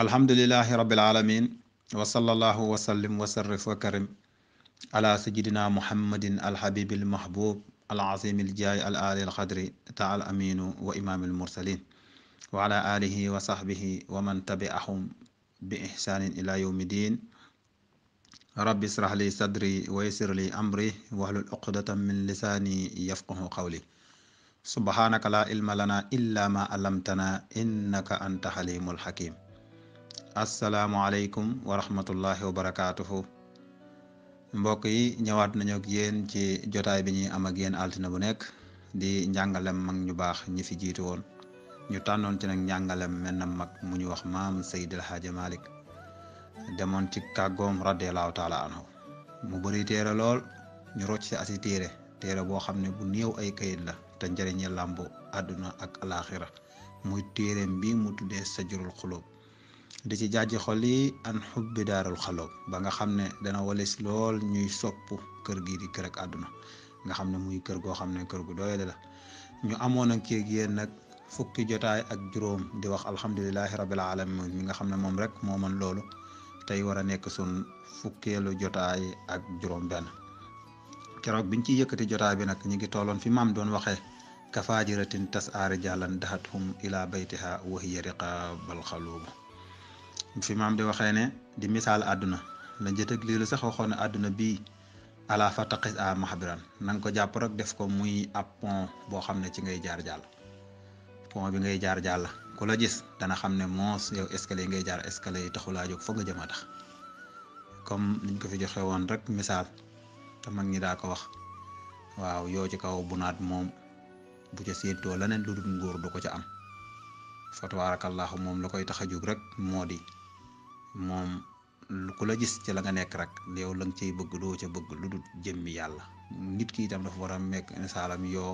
alhamdulilahi rabbil alamin wa sallallahu wa sallim wa sarrif wa karim ala sayidina muhammadin alhabib almahbub alazim aljaay al ali alxadri taal aminu wa imam almursalin wa ala alihi wa sahbihi wa man tabi'ahum bi ihsanin ila yawmi din rabbi israh li sadri wa yassir li amri wahlul uqdatan min lisani yafqahu qawli subhanaka la ilma lana illa ma allamtana innaka anta halimul hakim asalaamualeykum wa rahmatullahi wa barakaatuhu mbokk yi ñëwaat nañu ak yéen ci jotaay bi ñuy am ak yéen altine bu nekk di njàngalem mag ñu baax ñu fi jiitu woon ñu tànnoon ci nag njàngalem mel na mag mu ñu wax maam Seydil Hadji Malick demoon ci kàggoom radiallahu taala anhu mu bëri téere lool ñu rocc si asi téere boo xam ne bu néew ay kayit la te njëriñi làmbu àdduna ak alaaxira muy téereem bi mu tuddee sajurul xulóob di ci jaaji xol yi an xubbi daaral xaloo ba nga xam ne dana walis lool ñuy sopp kër gii di kër àdduna nga xam ne muy kër goo xam ne kër gu doyale la ñu amoon ak kéeg nag fukki jotaay ak juróom di wax alhamdulilahi rabil alamin nga xam ne moom rek moo mën loolu tey war a nekk sun fukkeelu jotaay ak juróom benn keroog biñ ci yëkkati jotaay bi nag ñu ngi tolloon fi maam doon waxee kafaajiratin tas aari jàllan daxat hum ila baytiha wahiya riqaabal xaluubu fi maam di waxee ne di misaal àdduna la njëtëg lii la sax waxoon ne àdduna bii ala fa taqis a maxbiran na nga ko jàpp rek def ko muy ab pont boo xam ne ci ngay jaar jàll pont bi ngay jaar jàll ku la gis dana xam ne moos yow escalier ngay jaar escalier yi taxulaa foog nga jëm a tax comme niñ ko fi joxe woon rek misaal ta mag ñi daa ko wax waaw yoo ci kaw bu naat moom bu ca séentoo leneen lu dul nguur ko ca am fa tabaarakallaahu moom la koy tax a jóg rek moo di moom ku la gis ci la nga nekk rek yow la nga cay bëgg doo ca bëgg lu dul jëmmi yàlla nit ki itam dafa war a nekk insaalam yoo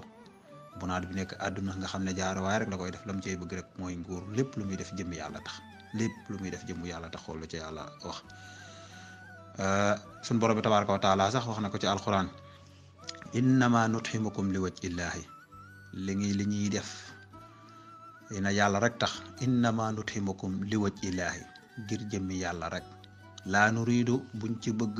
bu naat bi nekk àdduna nga xam ne jaar waaye rek la koy def la mu cay bëgg rek mooy nguur lépp lu muy def jëmmi yàlla tax lépp lu muy def jëmmu yàlla tax xool lu ca yàlla wax euh, suñ borom bi tabaaraka taala sax wax na ko ci alxuraan innama nutximukum li wajhi illaahi li ngi li ñuy def na yàlla rek tax innama nutximukum li wajhi illaahi ngir jëmmi yàlla rek laa nuriidu buñ ci bëgg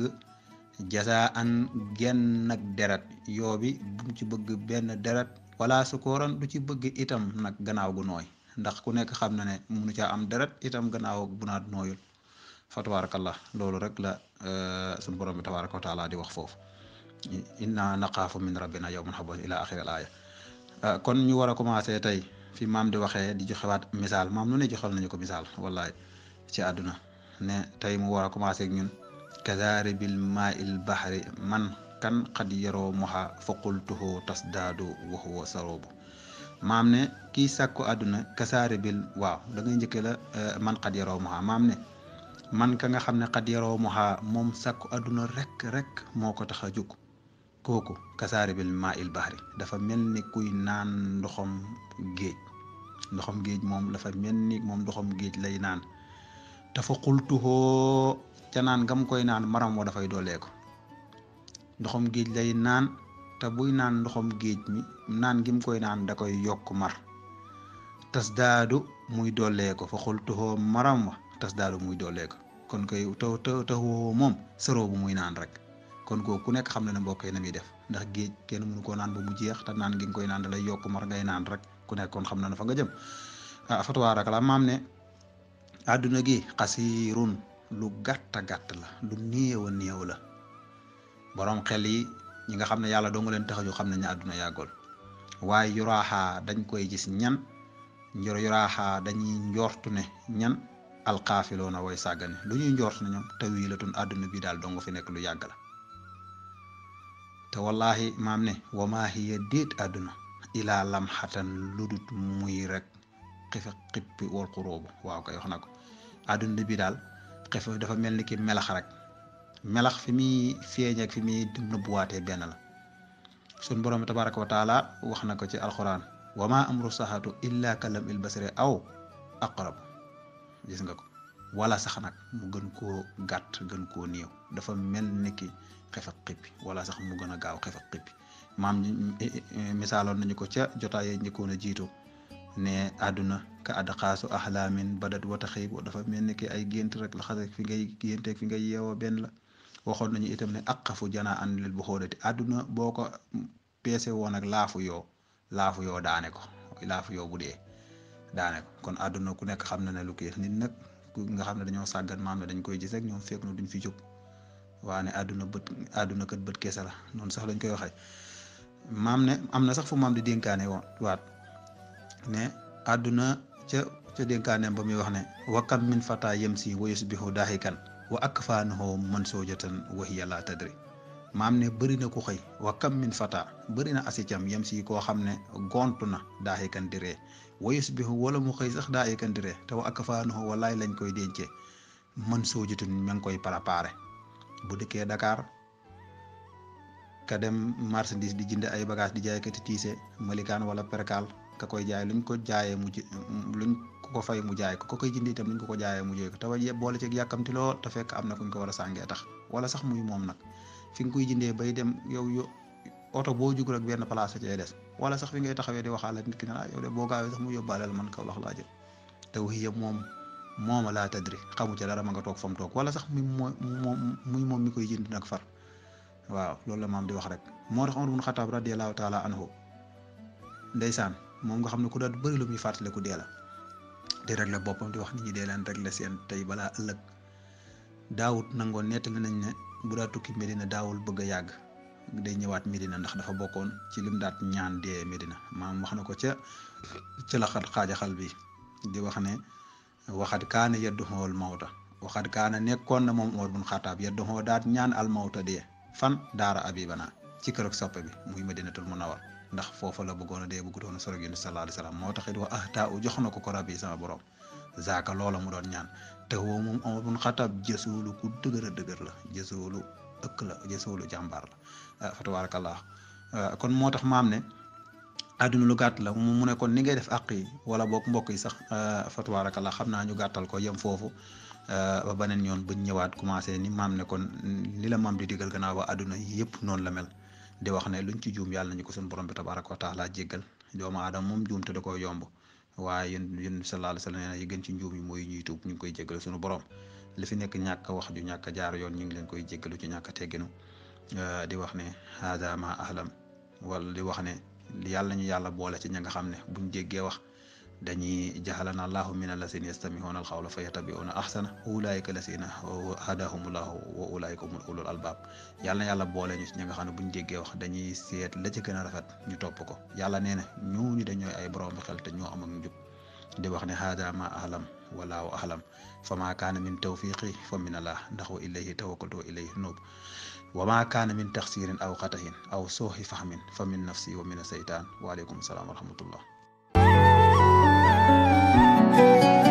jasa an genn ak deret yoobi buñ ci bëgg benn deret wala sukooran du ci bëgg itam nag gannaaw gu nooy ndax ku nekk xam na ne munu caa am deret itam gannaaw bu naat nooyul fa tabaarakallah loolu rek la eh, sunu borom bi tabaaraka wa di wax foofu inna naqaafu min rabbina yawman xaboon ila axiri al aaya eh, kon ñu war a tey fi maam di waxe di joxewaat misaal maam lu ne joxal nañu ko misaal wallahi ci àdduna ne tey mu war a commencé ak ñun kazaari bil maa baxri man kan xad yaroo moxa faqultuhu tasdaadu wa huwa saroobu maam ne kii sàkku àdduna kasaari bil waaw da ngay la eh, man xad yaroo moxa maam ne man ka nga xam ne xad yaroo moom sàkku àdduna rek rek moo ko tax a jóg kooku kasaari bil maa baxri dafa mel ni kuy naan ndoxam géej ndoxam géej moom dafa mel ni moom ndoxam géej lay naan te fa xultuhoo ca naan gam koy naan maram wa dafay doolee ndoxom ndoxum géej lay naan te buy naan ndoxum géej mi naan gim koy naan da koy yokk mar tas daadu muy doolee ko fa xultuhoo maram wa tas daadu muy doolee kon koy taw taw moom sëroo bu muy naan rek kon ku nekk xam na ne mbokk yi na muy def ndax géej kenn mënu koo naan bo mu jeex te naan gi koy naan da lay mar ngay naan rek ku nekk kon xam na ne fa nga jëm ah fatwaa ne àdduna gi xasiirun lu gàtta gàtt la lu néew a néew la boroom xel yi ñi nga xam ne yàlla doo nga leen taxaju xam nañu àdduna yàggool waaye yuraaxaa dañ koy gis ñan njor yuraaxaa dañuy njortu ne ñan alxaafiloo na way sàggane lu ñuy njortu ne ñoom tawilatun àdduna bi daal dong fi nekk lu yàgg la te wallaahi maam ne wamaahiya déet àdduna ilaa lamxatan ludut muy rek xifa xippi wal xuróobu waaw kay wax na ko àdduna bi daal xifa dafa mel ni ki melax rek melax fi muy feeñ ak fi muy nëbbuwaatee benn la sun borom tabaraka wa taala wax na ko ci alxuraan wa ma amru saxaatu illa kalam il basare aw aqrab gis nga ko wala sax nag mu gën koo gàtt gën koo néew dafa mel ni ki xefak xippi wala sax mu gën a gaaw xefak xippi maam misaaloon nañu ko ca jotaayee njëkkoon a jiitu ne àdduna ka àdd xaasu axlaamin badat wata xiibu dafa mel ni ki ay gént rek la xas fi ngay génteeg fi ngay yeewoo benn la waxoon nañu itam ne aqafu janaa an lil bu xóodati àdduna boo ko peese woon ak laafu yoo laafu yoo daane ko laafu yoo bu dee kon àdduna ku nekk xam na ne lu kiis nit nag ku nga xam ne dañoo sàggan maam ne dañ koy gis rek ñoom fekk na duñ fi jog waa ne àdduna bët àdduna kat bët keese la noonu sax lañ koy waxee maam ne am na sax fu maam di dénkaane woon waat ne àdduna ca ca dénkaaneem ba muy wax ne wa kam min fata yem si wa yusbihu daahikan wa akfaanahu mansuujatan wa hiya laa tadri maam ne bëri na ku xëy wa kam min fata bëri na asicam yem si koo xam ne gontu na daahikan di ree wa yusbihu wala mu xëy sax daahikan di ree te wa akfaanahu walaay lañ koy dencee mansuujatan ma ngi koy préparé bu dëkkee Dakar ka dem marchandise di jënd ay bagage di jaaykati tiise malikaan wala perkaal ka koy jaay luñ ko jaayee mu ji luñ ko fay mu jaay ko ko koy jëndee itam luñ ko ko jaayee mu jooy ko te waje boole ci yàkkamti lool te fekk am na kuñ ko war a sàngee tax wala sax muy moom nag fi nga koy jëndee bay dem yow yo oto boo jug rek benn place cee des wala sax fi ngay taxawee di waxaale nit ki ne ah, yow de boo gaawee mu yóbbaaleel man kaw lax laa jël te waxiya moom mooma laa tadri xamu ca dara ma nga toog fa mu wala sax muy moom muy moom mi koy jindi jënd nag far waaw loolu la maam di wax rek moo tax Umar bun Xataab radiyallaahu taala anhu ndeysaan moom nga xam ne ku doon bëri lu muy fàttaliku ku la di rek la boppam di wax nit ñi dee leen rek la seen tey balaa ëllëg daawut nangoon nettali nañ ne bu daa tukki Medina daawul bëgg a yàgg day ñëwaat Medina ndax dafa bokkoon ci lim daat ñaan dee Medina maam wax na ko ca ca la xaajaxal bi di wax ne waxat kaana yadduxoo al mawta waxat kaana nekkoon na moom Umar bun Xataab yadduxoo daat ñaan al mawta dee fan daara abibana ci kër ak soppe bi muy Madinatul Munawwar ndax foofa la bëggoon a dee bëggutoon a sorog yonent sallallahu alayhi wasallam moo taxit wa ah taa u jox na ko ko rab yi sama borom zaaka loola mu doon ñaan te woo moom Omar bun Xattaab jësoolu ku dëgër dëgër la jësoolu ëkk la jësoolu jàmbaar la ah, fa tabaarakallah ah, kon moo tax maam ne àdduna lu gàtt la mu ne kon ni ngay def àq yi wala boog mbokk yi sax ah, fa xam naa ñu gàttal ko yem foofu ba beneen ñoon bu ñëwaat commencé ni maam ne kon ni la maam di digal gannaaw ba àdduna yëpp noonu la mel. di wax ne luñ ci juum yàlla nañu ko suñu borom bi tabaraka wa taala jéggal doomu aadama moom juum te da koo yomb waaye yéen yéen sallallahu alayhi wa sallam nee na yi gën ci njuum yi mooy ñuy tuub ñu ngi koy jéggal suñu borom li fi nekk ñàkk wax ju ñàkk jaar yoon ñu ngi leen koy jéggalu ci ñàkk tegginu di wax ne hada ma ahlam wala di wax ne yàlla ñu yàlla boole ci ña nga xam ne buñ jéggee wax dañuy jaxalana allahu min allasina yastamihuuna alxawla fa yatabiuuna ahsana ulaayika lasina hadahumullahu wa ulaayika humul ulul albab yàlla na yàlla boole ñu ñi nga xam ne buñ déggee wax dañuy seet la ci gën a rafet ñu topp ko yàlla nee ñu ñooñu dañooy ay borom xel te ñoo am ak njub di wax ne haada ma ahlam walaahu ahlam fa maa kaana min tawfiqi fa min allah ndax wa ilayhi tawakkaltu wa ilayhi nuub wa maa kaana min taxsirin aw xatahin aw sooxi fahmin fa min nafsi wa min a seytaan waaleykum salaam wa rahmatullah Música